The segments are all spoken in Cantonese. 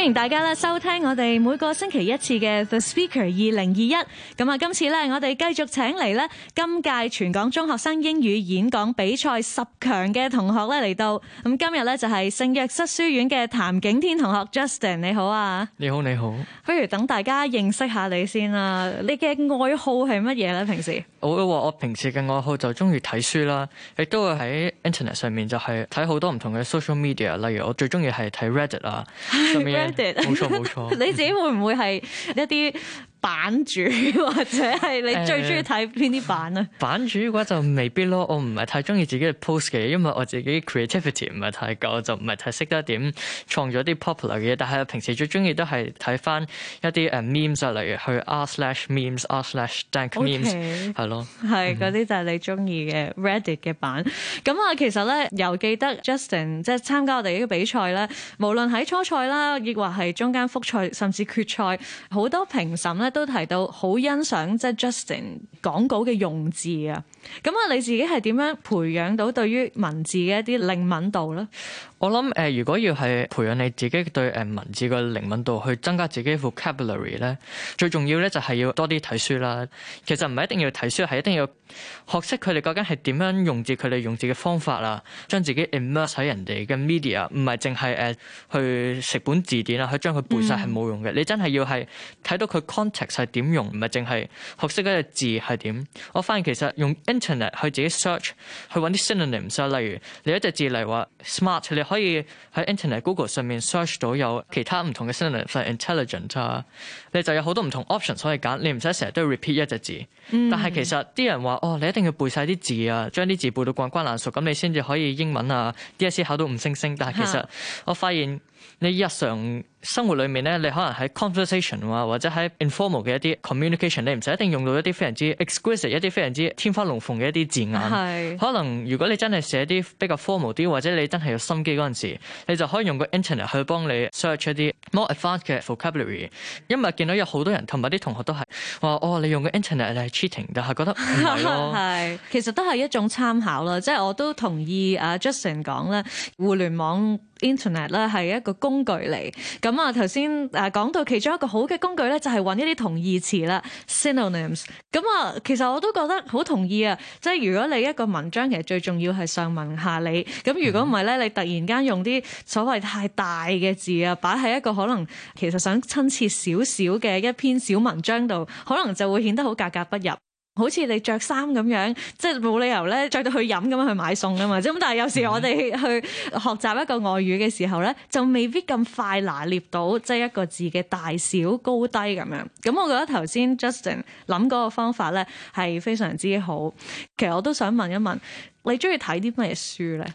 歡迎大家咧收聽我哋每個星期一次嘅 The Speaker 二零二一，咁啊今次咧我哋繼續請嚟咧今屆全港中學生英語演講比賽十強嘅同學咧嚟到，咁今日咧就係聖約瑟書院嘅譚景天同學 Justin，你好啊！你好你好，你好不如等大家認識下你先啊。你嘅愛好係乜嘢咧？平時我我平時嘅愛好就中意睇書啦，亦都會喺 Internet 上面就係睇好多唔同嘅 Social Media，例如我最中意係睇 Reddit 啊，冇錯冇錯， 你自己會唔會係一啲？版主或者係你最中意睇邊啲版啊？呃、版主嘅話就未必咯，我唔係太中意自己嘅 post 嘅，因為我自己 creativity 唔係太夠，就唔係太識得點創咗啲 popular 嘅嘢。但係平時最中意都係睇翻一啲誒 memes 啊，例如去 r slash memes r slash dank memes 係咯，係啲是、嗯、就係你中意嘅 Reddit 嘅版。咁啊，其實咧又記得 Justin 即係參加我哋呢個比賽咧，無論喺初賽啦，亦或係中間複賽，甚至決賽，好多評審咧。都提到好欣賞，即係 Justin 講稿嘅用字啊，咁啊你自己係點樣培養到對於文字嘅一啲靈敏度咧？我諗誒、呃，如果要係培養你自己對誒文字嘅靈敏度，去增加自己 vocabulary 咧，最重要咧就係要多啲睇書啦。其實唔係一定要睇書，係一定要學識佢哋究竟係點樣用字，佢哋用字嘅方法啦。將自己 immerse 喺人哋嘅 media，唔係淨係誒去食本字典啊，去將佢背晒係冇用嘅。嗯、你真係要係睇到佢 context 係點用，唔係淨係學識嗰隻字係點。我發現其實用 internet 去自己 search，去揾啲 synonyms 啊，例如你一隻字嚟話 smart，可以喺 Internet、Google 上面 search 到有其他唔同嘅 similar intelligent 啊，intelligent，你就有好多唔同 option 可以揀，你唔使成日都要 repeat 一隻字。嗯、但係其實啲人話：哦，你一定要背晒啲字啊，將啲字背到滾瓜爛熟，咁你先至可以英文啊 DSE 考到五星星。但係其實我發現，啊你日常生活裏面咧，你可能喺 conversation 啊，或者喺 informal 嘅一啲 communication，你唔使一定用到一啲非常之 exquisite、一啲非常之天花龍鳳嘅一啲字眼。是可能如果你真係寫啲比較 formal 啲，或者你真係有心機嗰陣時，你就可以用個 internet 去幫你 search 一啲 more advanced 嘅 vocabulary。因為見到有好多人同埋啲同學都係話：哦，你用個 internet 係 cheating，但係覺得唔係咯。係，其實都係一種參考啦。即係我都同意啊 Justin 講咧，互聯網。Internet 咧係一個工具嚟，咁啊頭先誒講到其中一個好嘅工具咧，就係揾一啲同義詞啦，synonyms。咁啊，其實我都覺得好同意啊，即係如果你一個文章其實最重要係上文下理，咁如果唔係咧，你突然間用啲所謂太大嘅字啊，擺喺一個可能其實想親切少少嘅一篇小文章度，可能就會顯得好格格不入。好似你着衫咁樣，即係冇理由咧着到去飲咁樣去買餸吖嘛。咁但係有時我哋去學習一個外語嘅時候咧，嗯、就未必咁快拿捏到即係一個字嘅大小高低咁樣。咁我覺得頭先 Justin 諗嗰個方法咧係非常之好。其實我都想問一問，你中意睇啲乜嘢書咧？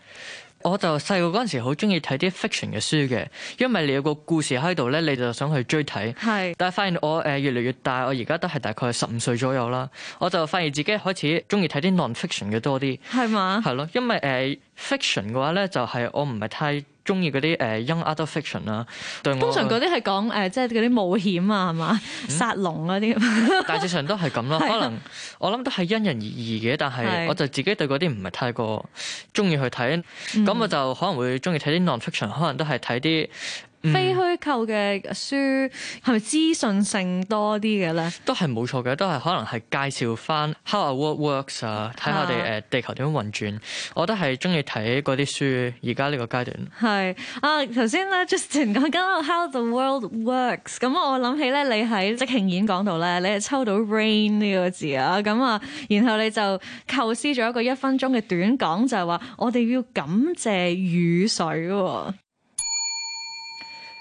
我就細個嗰陣時好中意睇啲 fiction 嘅書嘅，因為你有個故事喺度咧，你就想去追睇。係是。但係發現我誒、呃、越嚟越大，我而家都係大概十五歲左右啦。我就發現自己開始中意睇啲 non-fiction 嘅多啲。係嘛嗎？係咯，因為誒、呃、fiction 嘅話咧，就係、是、我唔係太，中意嗰啲誒 young adult fiction 啦，對我通常嗰啲係講誒，即係嗰啲冒險啊，係嘛？嗯、殺龍嗰啲， 大致上都係咁咯。可能我諗都係因人而異嘅，但係是我就自己對嗰啲唔係太過中意去睇，咁、嗯、我就可能會中意睇啲 nonfiction，可能都係睇啲。非虛構嘅書係咪資訊性多啲嘅咧？都係冇錯嘅，都係可能係介紹翻 how、啊啊、how the world works 啊，睇下地誒地球點樣運轉。我都係中意睇嗰啲書，而家呢個階段。係啊，頭先咧 Justin 講緊 how the world works，咁我諗起咧，你喺即興演講度咧，你係抽到 rain 呢個字啊，咁啊，然後你就構思咗一個一分鐘嘅短講，就係、是、話我哋要感謝雨水喎、哦。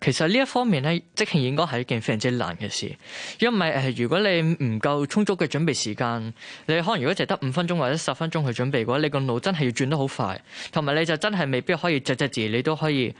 其實呢一方面咧，即興演講係一件非常之難嘅事，因為誒、呃，如果你唔夠充足嘅準備時間，你可能如果淨係得五分鐘或者十分鐘去準備嘅話，你個腦真係要轉得好快，同埋你就真係未必可以隻隻字你都可以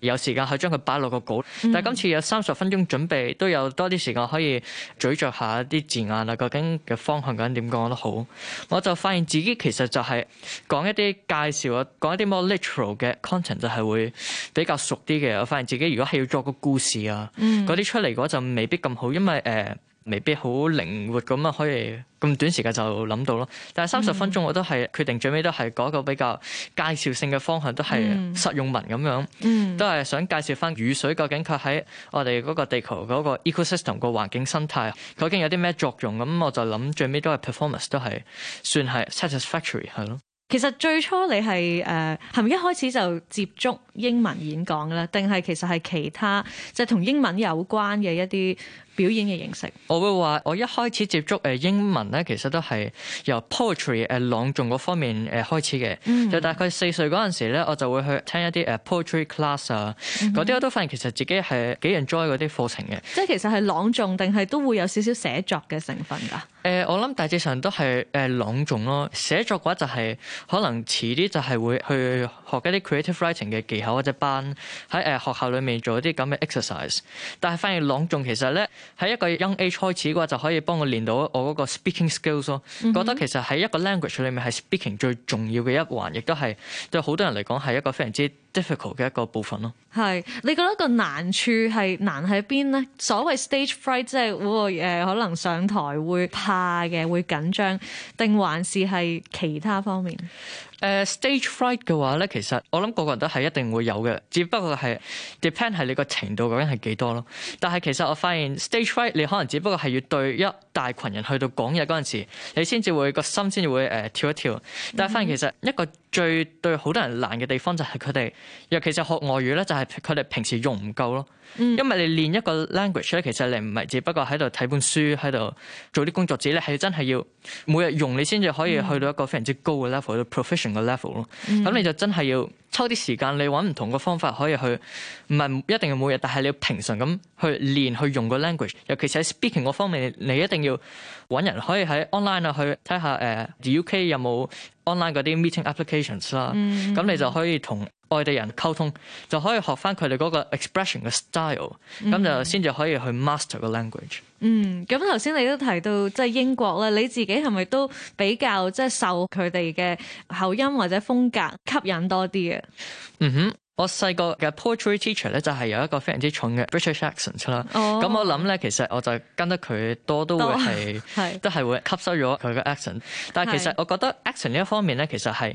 有時間去將佢擺落個稿。嗯、但係今次有三十分鐘準備，都有多啲時間可以咀嚼一下啲字眼啊，究竟嘅方向究竟點講都好。我就發現自己其實就係講一啲介紹啊，講一啲 more literal 嘅 content 就係會比較熟啲嘅。我發現自己如果係，要做個故事啊，嗰啲，嗯、出嚟嘅話就未必咁好，因為誒、呃、未必好靈活咁啊，可以咁短時間就諗到咯。但係三十分鐘我都係決定最尾都係嗰個比較介紹性嘅方向，都係實用文咁樣，嗯、都係想介紹翻雨水究竟佢喺我哋嗰個地球嗰個 ecosystem 個環境生態，究竟有啲咩作用。咁我就諗最尾都係 performance 都係算係 satisfactory 係咯。其實最初你係誒，係咪一開始就接觸英文演講咧？定係其實係其他即係同英文有關嘅一啲表演嘅形式，我會話我一開始接觸誒英文咧，其實都係由 poetry 誒、啊、朗誦嗰方面誒開始嘅。Mm hmm. 就大概四歲嗰陣時咧，我就會去聽一啲誒 poetry class 啊，嗰啲、mm hmm. 我都發現其實自己係幾 enjoy 嗰啲課程嘅。即係其實係朗誦定係都會有少少寫作嘅成分㗎？誒、呃，我諗大致上都係誒、呃、朗誦咯。寫作嘅話就係可能遲啲就係會去學一啲 creative writing 嘅技巧或者班喺誒、呃、學校裏面做一啲咁嘅 exercise。但係反而朗誦其實咧。喺一個 young age 開始嘅話就可以幫我練到我嗰個 speaking skills 咯、mm。Hmm. 覺得其實喺一個 language 裏面，係 speaking 最重要嘅一環，亦都係對好多人嚟講係一個非常之 Difficult 嘅一個部分咯，係你覺得個難處係難喺邊咧？所謂 stage fright 即係會誒可能上台會怕嘅會緊張定還是係其他方面？誒、呃、stage fright 嘅話咧，其實我諗個個人都係一定會有嘅，只不過係 depend 係你個程度究竟係幾多咯。但係其實我發現 stage fright 你可能只不過係要對一大群人去到講嘢嗰陣時，你先至會個心先至會誒、呃、跳一跳。但係發現其實一個。 最對好多人難嘅地方就係佢哋，尤其係學外語咧，就係佢哋平時用唔夠咯。因為你練一個 language 咧，其實你唔係只不過喺度睇本書，喺度做啲工作，自己係真係要每日用你先至可以去到一個非常之高嘅 level，professional level 咯、嗯。咁、嗯、你就真係要抽啲時間，你揾唔同嘅方法可以去，唔係一定要每日，但係你要平常咁去練去用個 language。尤其是喺 speaking 嗰方面，你一定要揾人，可以喺 online 啊去睇下，誒、uh,，UK 有冇 online 嗰啲 meeting applications 啦、嗯，咁你就可以同。外地人溝通就可以學翻佢哋嗰個 expression 嘅 style，咁、嗯、哼就先至可以去 master 個 language。嗯，咁頭先你都提到即係、就是、英國咧，你自己係咪都比較即係受佢哋嘅口音或者風格吸引多啲嘅？嗯哼，我細個嘅 poetry teacher 咧就係、是、有一個非常之重嘅 British accent 啦。哦，咁我諗咧，其實我就跟得佢多都會係，多 是都係會吸收咗佢嘅 accent。但係其實我覺得 action 呢一方面咧，其實係。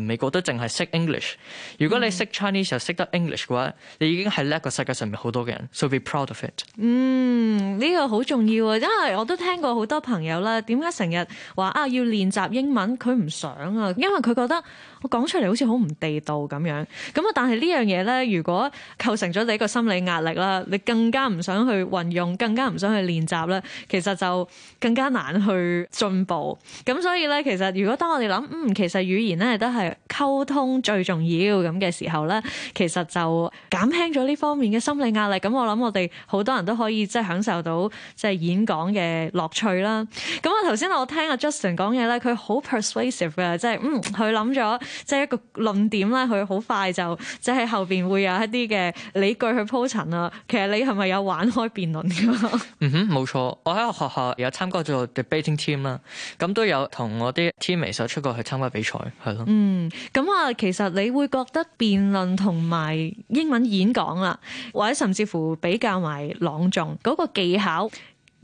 美國都淨係識 English。如果你識 Chinese 又識得 English 嘅話，嗯、你已經係叻過世界上面好多嘅人，so be proud of it。嗯，呢、呢個好重要啊，因為我都聽過好多朋友啦，點解成日話啊要練習英文，佢唔想啊，因為佢覺得我講出嚟好似好唔地道咁樣。咁啊，但係呢樣嘢咧，如果構成咗你一個心理壓力啦，你更加唔想去運用，更加唔想去練習啦，其實就更加難去進步。咁所以咧，其實如果當我哋諗，嗯，其實語言咧都係。溝通最重要咁嘅時候咧，其實就減輕咗呢方面嘅心理壓力。咁我諗我哋好多人都可以即係享受到即係演講嘅樂趣啦。咁啊，頭先我聽阿 Justin 講嘢咧，佢好 persuasive 嘅，即係嗯，佢諗咗即係一個論點咧，佢好快就即係後邊會有一啲嘅理據去鋪陳啦。其實你係咪有玩開辯論噶？嗯哼，冇錯，我喺學校有參加咗 debating team 啦，咁都有同我啲 teammates 出過去參加比賽，係咯。咁啊、嗯，其實你會覺得辯論同埋英文演講啦，或者甚至乎比較埋朗誦嗰個技巧，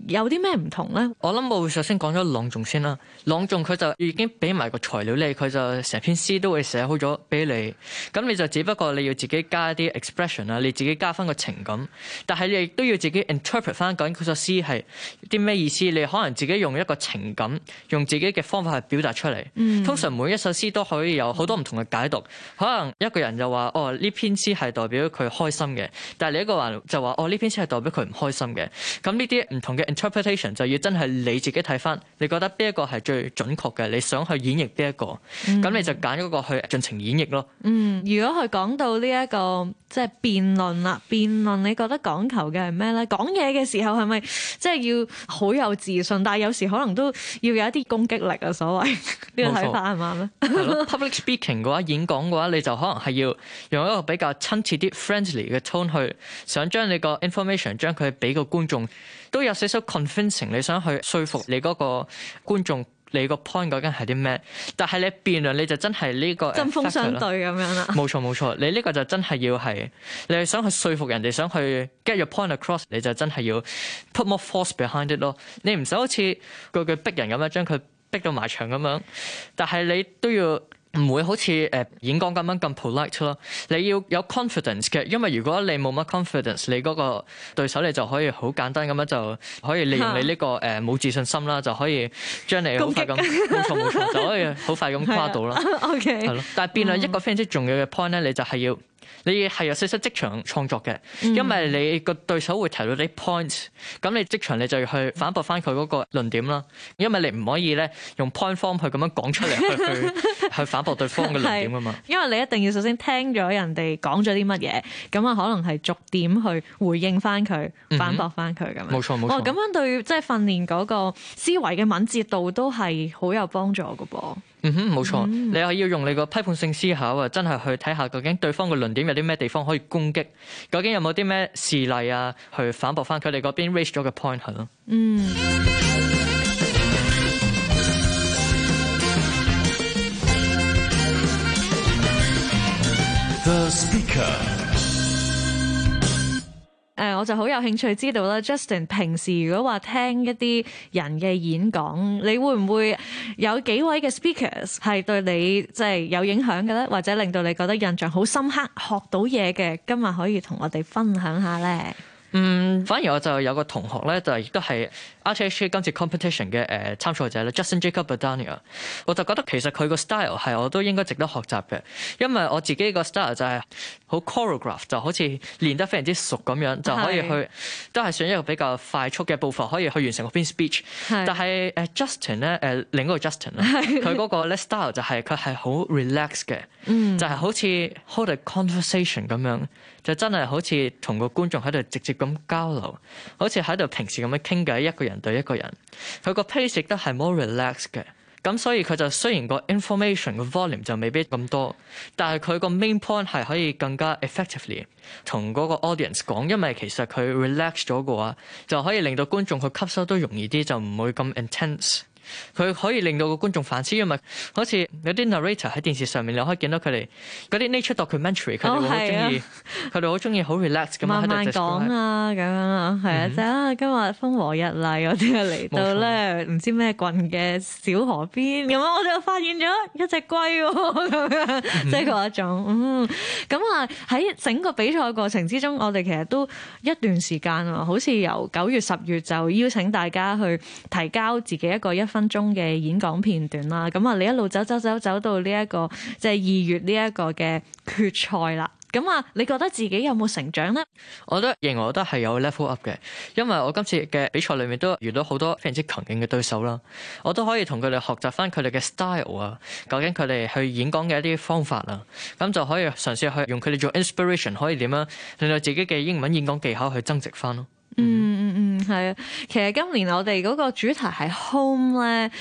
有啲咩唔同咧？我諗我會首先講咗朗誦先啦。朗誦佢就已經俾埋個材料你，佢就成篇詩都會寫好咗俾你。咁你就只不過你要自己加一啲 expression 啊，你自己加翻個情感。但係你亦都要自己 interpret 翻究竟首詩係啲咩意思。你可能自己用一個情感，用自己嘅方法去表達出嚟。嗯、通常每一首詩都可以有好多唔同嘅解讀。嗯、可能一個人就話哦，呢篇詩係代表佢開心嘅，但係另一個人話就話哦，呢篇詩係代表佢唔開心嘅。咁呢啲唔同嘅。Interpretation 就要真係你自己睇翻，你覺得邊一個係最準確嘅？你想去演繹邊一個咁，嗯、你就揀嗰個去盡情演繹咯。嗯，如果佢講到呢一個即係辯論啦，辯論你覺得講求嘅係咩咧？講嘢嘅時候係咪即係要好有自信？但係有時可能都要有一啲攻擊力啊？所謂呢個睇法啱唔啱咧？Public speaking 嘅話，演講嘅話，你就可能係要用一個比較親切啲 friendly 嘅 tone 去想將你個 information 將佢俾個觀眾。都有少少 convincing 你想去說服你嗰個觀眾，你個 point 究竟係啲咩？但係你辯論，你就真係呢個針鋒相對咁樣啦。冇錯冇錯，你呢個就真係要係你係想去說服人哋，想去 get your point across，你就真係要 put more force behind it 咯。你唔使好似個個逼人咁樣，將佢逼到埋牆咁樣，但係你都要。唔會好似誒、呃、演講咁樣咁 polite 咯，你要有 confidence 嘅，因為如果你冇乜 confidence，你嗰個對手你就可以好簡單咁樣就可以利用你呢、呢個誒冇、啊呃、自信心啦，就可以將你好快咁冇攻擊 錯冇錯，就可以好快咁跨到啦。OK，係咯，但係變咗，一個非常之重要嘅 point 咧，你就係要。你係有少少即場創作嘅，因為你個對手會提到啲 point，咁你即場你就要去反駁翻佢嗰個論點啦。因為你唔可以咧用 point form 去咁樣講出嚟去去反駁對方嘅論點啊嘛。 因為你一定要首先聽咗人哋講咗啲乜嘢，咁啊可能係逐點去回應翻佢，反駁翻佢咁樣。冇錯冇錯。哇、哦，咁錯樣對即係訓練嗰個思維嘅敏捷度都係好有幫助㗎噃。嗯哼，冇錯，嗯、你係要用你個批判性思考啊，真係去睇下究竟對方個論點有啲咩地方可以攻擊，究竟有冇啲咩事例啊，去反駁翻佢哋嗰邊 raise 咗嘅 point 係咯、嗯。嗯。誒、呃，我就好有興趣知道啦。Justin 平時如果話聽一啲人嘅演講，你會唔會有幾位嘅 speakers 係對你即係有影響嘅咧？或者令到你覺得印象好深刻、學到嘢嘅，今日可以同我哋分享下咧。嗯，反而我就有個同學咧，就係亦都係 RTHK 今次 competition 嘅誒、呃、參賽者啦，Justin Jacob Badania。我就覺得其實佢個 style 係我都應該值得學習嘅，因為我自己個 style 就係好 choreograph，e 就好似練得非常之熟咁樣，就可以去是都係算一個比較快速嘅步伐，可以去完成個篇 speech 是。但係誒、呃、Justin 咧誒、呃、另一個 Justin 佢嗰是 個咧 style 就係佢係好 relaxed 嘅，就係好似 hold a conversation 咁樣。就真係好似同個觀眾喺度直接咁交流，好似喺度平時咁樣傾偈，一個人對一個人。佢個 pace 亦都係 more relax 嘅，咁所以佢就雖然個 information 嘅 volume 就未必咁多，但係佢個 main point 係可以更加 effectively 同嗰個 audience 講，因為其實佢 relax 咗嘅話，就可以令到觀眾去吸收都容易啲，就唔會咁 intense。佢可以令到個觀眾反思，因為好似有啲 narrator 喺電視上面，你可以見到佢哋嗰啲 Nature documentary，佢哋好中意，佢哋好中意好 relax 咁樣慢慢講啊，咁樣啊，係啊、嗯，即係啊，今日風和日麗嗰啲嚟到咧，唔知咩郡嘅小河邊，咁啊，我、嗯、就發現咗一隻龜喎，咁樣即係嗰一種。咁啊喺整個比賽過程之中，我哋其實都一段時間啊，好似由九月十月就邀請大家去提交自己一個一分鐘嘅演講片段啦，咁啊，你一路走走走走到呢一個即係二月呢一個嘅決賽啦，咁啊，你覺得自己有冇成長呢？我覺得認為，我覺得係有 level up 嘅，因為我今次嘅比賽裏面都遇到好多非常之強勁嘅對手啦，我都可以同佢哋學習翻佢哋嘅 style 啊，究竟佢哋去演講嘅一啲方法啊，咁就可以嘗試去用佢哋做 inspiration，可以點樣令到自己嘅英文演講技巧去增值翻咯。嗯嗯、mm hmm. 嗯，係、嗯、啊，其實今年我哋嗰個主題係 home 咧，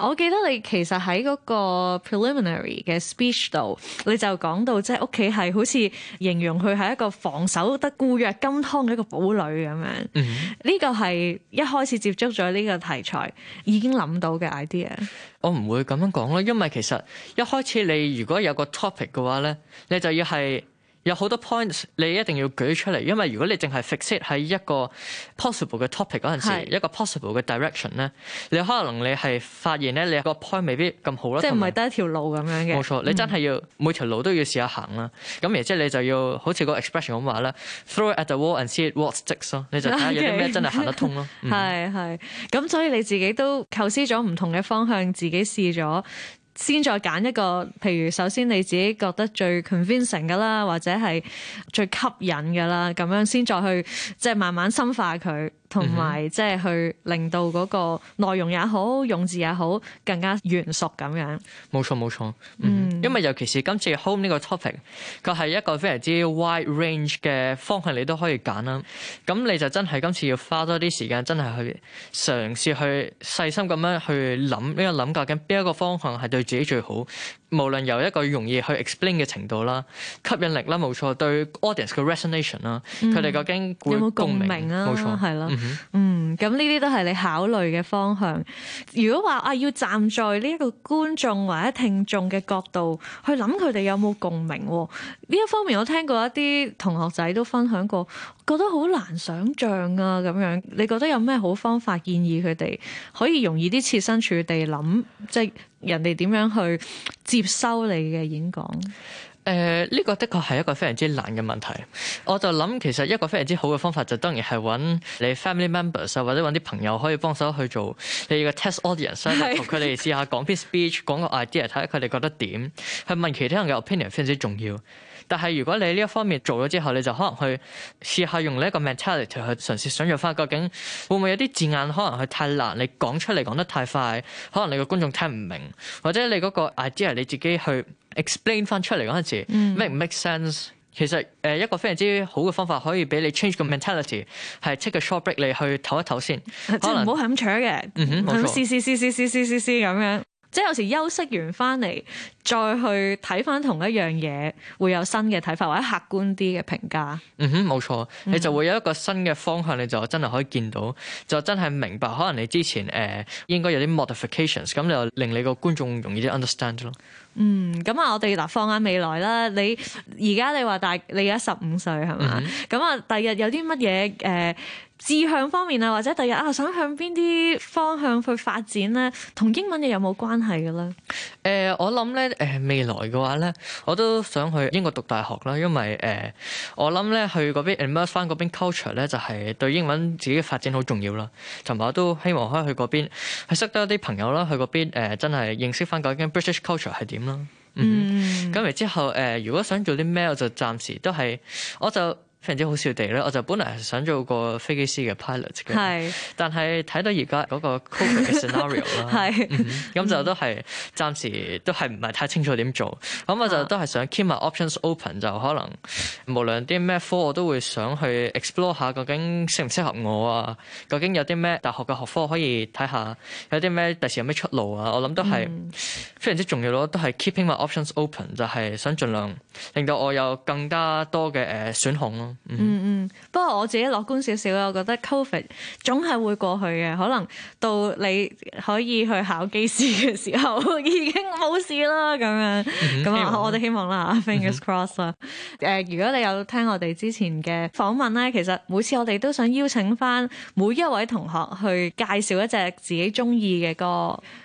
我記得你其實喺嗰個 preliminary 嘅 speech 度，你就講到即係屋企係好似形容佢係一個防守得固若金湯嘅一個堡壘咁樣。嗯、mm，呢個係一開始接觸咗呢個題材已經諗到嘅 idea。我唔會咁樣講咯，因為其實一開始你如果有個 topic 嘅話咧，你就要係。有好多 point 你一定要舉出嚟，因為如果你淨係 fixate 喺一個 possible 嘅 topic 嗰陣時，是一個 possible 嘅 direction 咧，你可能你係發現咧你個 point 未必咁好咯。即係唔係得一條路咁樣嘅？冇錯，你真係要每條路都要試下行啦。咁然之後你就要好似個 expression 咁話啦 throw it at the wall and see what sticks 咯。你就睇下有啲咩真係行得通咯。係係，咁所以你自己都構思咗唔同嘅方向，自己試咗。先再揀一個，譬如首先你自己覺得最 convincing 㗎啦，或者係最吸引㗎啦，咁樣先再去即係、就是、慢慢深化佢。同埋即係去令到個內容也好、用字也好，更加圓熟咁樣，冇錯冇錯，嗯，因為尤其是今次 home 呢個 topic，佢係一個非常之 wide range 嘅方向，你都可以揀啦。咁你就真係今次要花多啲時間真係去嘗試去細心咁樣去諗呢個諗，究竟邊一個方向係對自己最好。無論由一個容易去 explain 嘅程度啦、吸引力啦，冇錯，對 audience 嘅 resonation 啦，佢哋究竟會有冇共鳴啊？冇錯，係啦。嗯，咁呢啲都係你考慮嘅方向。如果話啊，要站在呢一個觀眾或者聽眾嘅角度去諗，佢哋有冇共鳴呢？一方面我聽過一啲同學仔都分享過，覺得好難想象啊。咁樣你覺得有咩好方法建議佢哋可以容易啲，設身處地諗，即係人哋點樣去接收你嘅演講。誒呢、呃這個的確係一個非常之難嘅問題，我就諗其實一個非常之好嘅方法就當然係揾你 family members 啊，或者揾啲朋友可以幫手去做你嘅 test audience，同佢哋試下講篇 speech，講個 idea，睇下佢哋覺得點，去問其他人嘅 opinion 非常之重要。但係如果你呢一方面做咗之後，你就可能去試下用呢一個 mentality 去嘗試想象翻，究竟會唔會有啲字眼可能係太難，你講出嚟講得太快，可能你個觀眾聽唔明，或者你嗰個 idea 你自己去 explain 翻出嚟嗰陣時，make 唔 make sense？其實誒一個非常之好嘅方法可以俾你 change 個 mentality，係 take a short break 你去唞一唞先，即係唔好係咁嘅，咁試咁樣。即係有時休息完翻嚟，再去睇翻同一樣嘢，會有新嘅睇法或者客觀啲嘅評價。嗯哼，冇錯，你就會有一個新嘅方向，你就真係可以見到，就真係明白。可能你之前誒、呃、應該有啲 modifications，咁就令你個觀眾容易啲 understand 咯。嗯，咁啊，我哋嗱放眼未來啦。你而家你話大，你而家十五歲係嘛？咁啊，第日、嗯、哼有啲乜嘢誒？呃志向方面啊，或者第日啊，想向邊啲方向去發展咧？同英文又有冇關係嘅咧？誒、呃，我諗咧，誒未來嘅話咧，我都想去英國讀大學啦，因為誒、呃，我諗咧去嗰邊 immerse 翻嗰邊 culture 咧，就係對英文自己發展好重要啦。同埋我都希望可以去嗰邊去識一啲朋友啦，去嗰邊、呃、真係認識翻究竟 British culture 係點啦。嗯。咁、嗯、然之後誒、呃，如果想做啲咩，我就暫時都係我就。非常之好笑地咧，我就本嚟係想做個飛機師嘅 pilot 嘅，係、嗯，但係睇到而家嗰個 COVID 嘅 scenario 啦，係，咁就都係暫時都係唔係太清楚點做，咁我就都係想 keep my options open，就可能、啊、無論啲咩科，我都會想去 explore 下，究竟適唔適合我啊？究竟有啲咩大學嘅學科可以睇下，有啲咩第時有咩出路啊？我諗都係、嗯、非常之重要咯，都係 keeping my options open，就係想盡量令到我有更加多嘅誒選項咯。Mm hmm. 嗯嗯，不過我自己樂觀少少，我覺得 Covid 總係會過去嘅，可能到你可以去考機師嘅時候 已經冇事啦咁樣。咁我哋希望啦，啦、mm hmm.，fingers crossed 啦。誒、 呃，如果你有聽我哋之前嘅訪問咧，其實每次我哋都想邀請返每一位同學去介紹一隻自己鍾意嘅歌。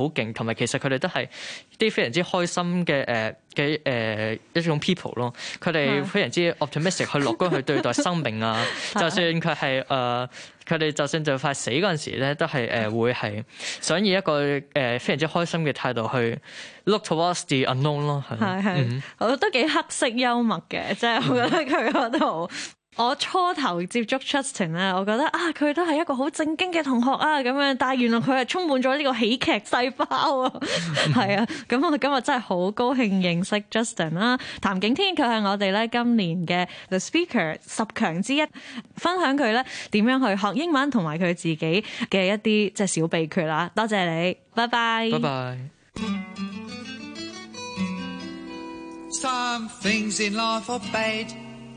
好勁，同埋其實佢哋都係啲非常之開心嘅誒嘅誒一種 people 咯。佢哋非常之 optimistic，去樂觀去對待生命啊。 就算佢係誒，佢、呃、哋就算就快死嗰陣時咧，都係誒、呃、會係想以一個誒、呃、非常之開心嘅態度去 look towards the unknown 咯。係係是，嗯、我覺得都幾黑色幽默嘅，即係 我覺得佢度。我初頭接觸 Justin 咧，我覺得啊，佢都係一個好正經嘅同學啊，咁樣，但係原來佢係充滿咗呢個喜劇細胞啊，係 啊，咁我今日真係好高興認識 Justin 啦、啊。譚景天佢係我哋咧今年嘅 The Speaker 十強之一，分享佢咧點樣去學英文同埋佢自己嘅一啲即係小秘訣啦、啊。多謝你，拜拜，拜拜。